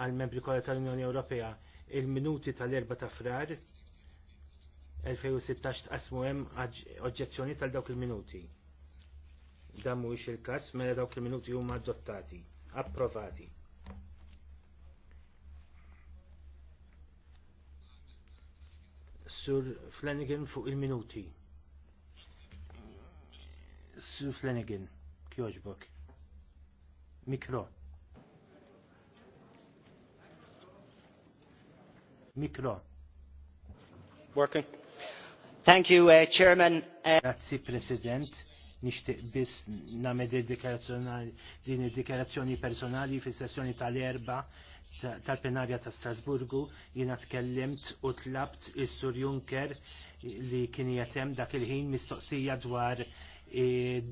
għal membri kollha tal-Unjoni Ewropea il-minuti tal-erba ta' frar 2016 tqasmu hemm oġġezzjoni tal dawk il-minuti. Dan mhuwiex il-każ mela dawk il-minuti huma adottati, approvati. Sur Flanagan fuq il-minuti. Sur Flanagan, kjoġbok. Mikro. Mikro. Working. Thank you, uh, Chairman. Uh, Grazzi, President. Nishtiq biss named din id-dikarazzjoni personali fis sessjoni tal-erba tal-plenarja ta' Strasburgu jina tkellimt u tlabt il-Sur Juncker li kien jatem dak il-ħin mistoqsija dwar E,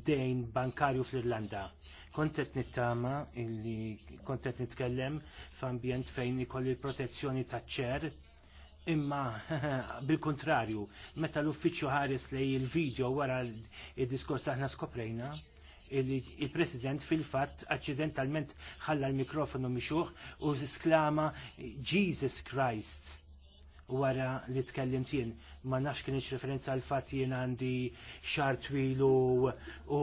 dejn bankarju fl-Irlanda. Kontet nittama illi kontet nitkellem f'ambjent fejn ikolli protezzjoni ta' ċer imma bil-kontrarju, meta l-uffiċċju ħares li il-video wara il-diskors aħna skoprejna, il-president fil-fatt accidentalment ħalla l-mikrofonu mixuħ u sklama Jesus Christ wara li tkellimt jien. Ma nafx kien referenza għal fatt jien għandi xar twil u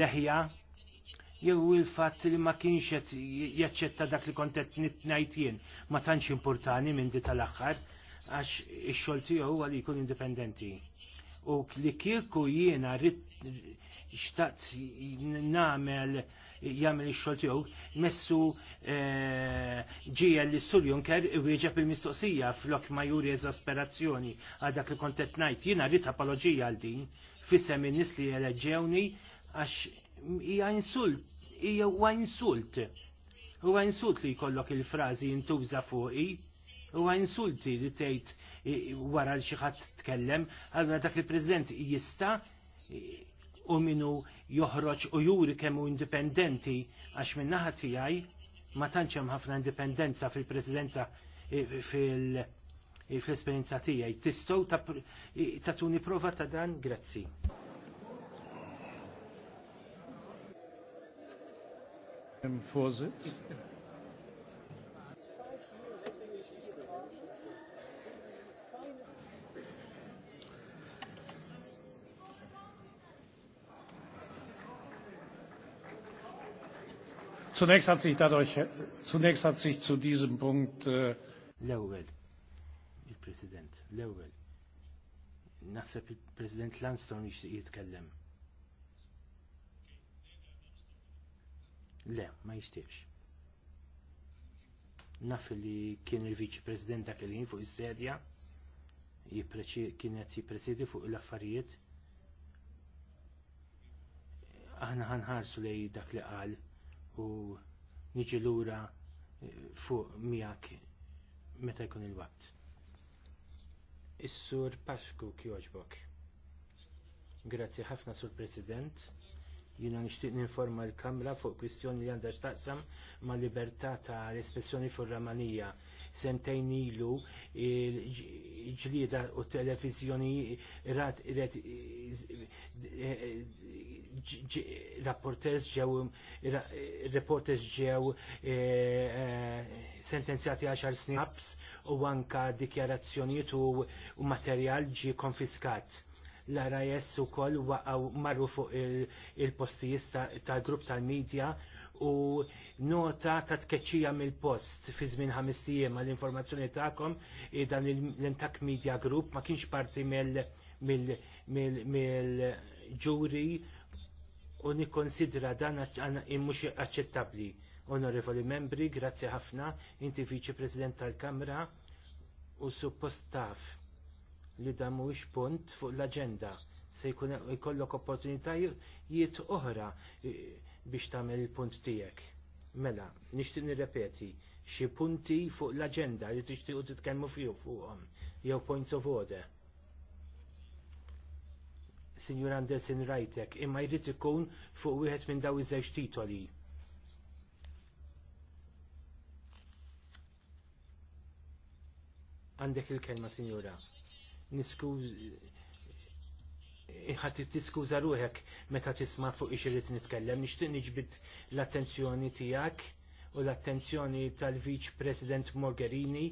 leħja. Jew il-fatt li ma kienx qed jaċċetta dak li kont qed ngħid jien. Ma tantx importani minn di tal-aħħar għax ix-xogħol tiegħu għal jkun indipendenti u li kieku jiena xtaqt namel jagħmel ix-xogħol tiegħu messu eh, ġija li Sur u jieġa il-mistoqsija flok ma juri eżasperazzjoni għal dak li kont qed ngħid. Jiena rrit apoloġija għal din fisem in-nies li eleġġewni għax hija insult hija insult. Huwa insult li jkollok il-frażi jintuża fuqi huwa insulti li tgħid wara li xi ħadd tkellem, allura dak il-President jista' u minu joħroġ u juri kemm hu indipendenti għax min naħa tiegħi ma tantx hemm ħafna indipendenza fil-presidenza fil-esperjenza tiegħi. Tistgħu tatuni prova ta' dan? Grazzi. Vorsitz. Zunächst hat sich dadurch, äh, zunächst hat sich zu diesem Punkt. Äh L-ewwel, il-President, l-ewwel. Naħseb il-President Lanston jixtieq jitkellem. Le, ma jixtieqx. Naf li kien il-Viċi President dak li fuq is-sedja kien qed jippresidi fuq l-affarijiet. Aħna ħanħarsu lej dak li qal u niġi lura eh, fuq miak meta jkun il-waqt. Is-sur Pasku kjoġbok. Grazzi ħafna sur President. Jiena nixtieq ninforma l-Kamra fuq kwistjoni li għandha x'taqsam mal libertà ta' l-espressjoni fuq Ramanija. Semtejn ilu ġlieda u televizjoni rat rapporters ġew reporters ġew eh, eh, sentenzjati għaxar snin u anka dikjarazzjonijiet u materjal ġie konfiskat l-RIS u koll waqaw marru fuq il-postijiet il tal-grupp tal-medja u nota ta' tkeċċija mill-post fi żmien ħames ma l-informazzjoni tagħkom dan l-Intak Media Group ma kienx parti mill-ġuri u nikkonsidra dan mhux aċċettabbli. Onorevoli membri, grazzi ħafna, inti viċi President tal-Kamra u suppost taf li dan mhuwiex punt fuq l-aġenda se jkun ikollok opportunitajiet oħra e, biex tagħmel il-punt tiegħek. Mela, nixtieq nirrepeti xi punti fuq l-aġenda li tixtiequ titkellmu fiju fuqhom jew points of order. Signor Anderson rajtek, imma jrid ikun fuq wieħed minn daw iż-żewġ titoli. Għandek il-kelma, Signora niskuż ħat tiskuża ruħek meta tisma' fuq ix-irid nitkellem, nixtieq niġbid l-attenzjoni tiegħek u l-attenzjoni tal-Viċ President Mogherini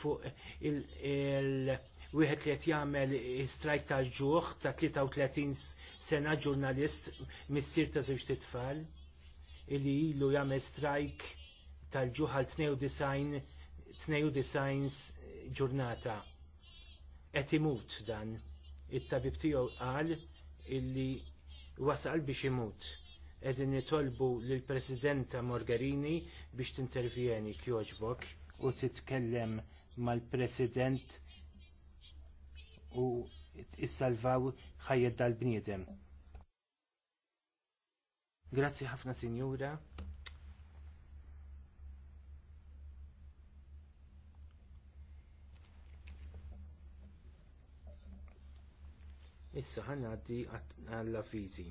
fuq il- wieħed li qed jagħmel strajk tal-ġuħ ta' 33 sena ġurnalist missier ta' żewġ tfal illi ilu jagħmel strajk tal-ġuħ għal 92 92 ġurnata qed imut dan. It-tabib tiegħu qal illi wasal biex imut. Qegħdin nitolbu lill presidenta Morgarini biex tintervjeni kjoġbok u titkellem mal-president u issalvaw ħajja dal-bniedem. Grazzi ħafna sinjura. Issa ħanaddi għall-avviżi.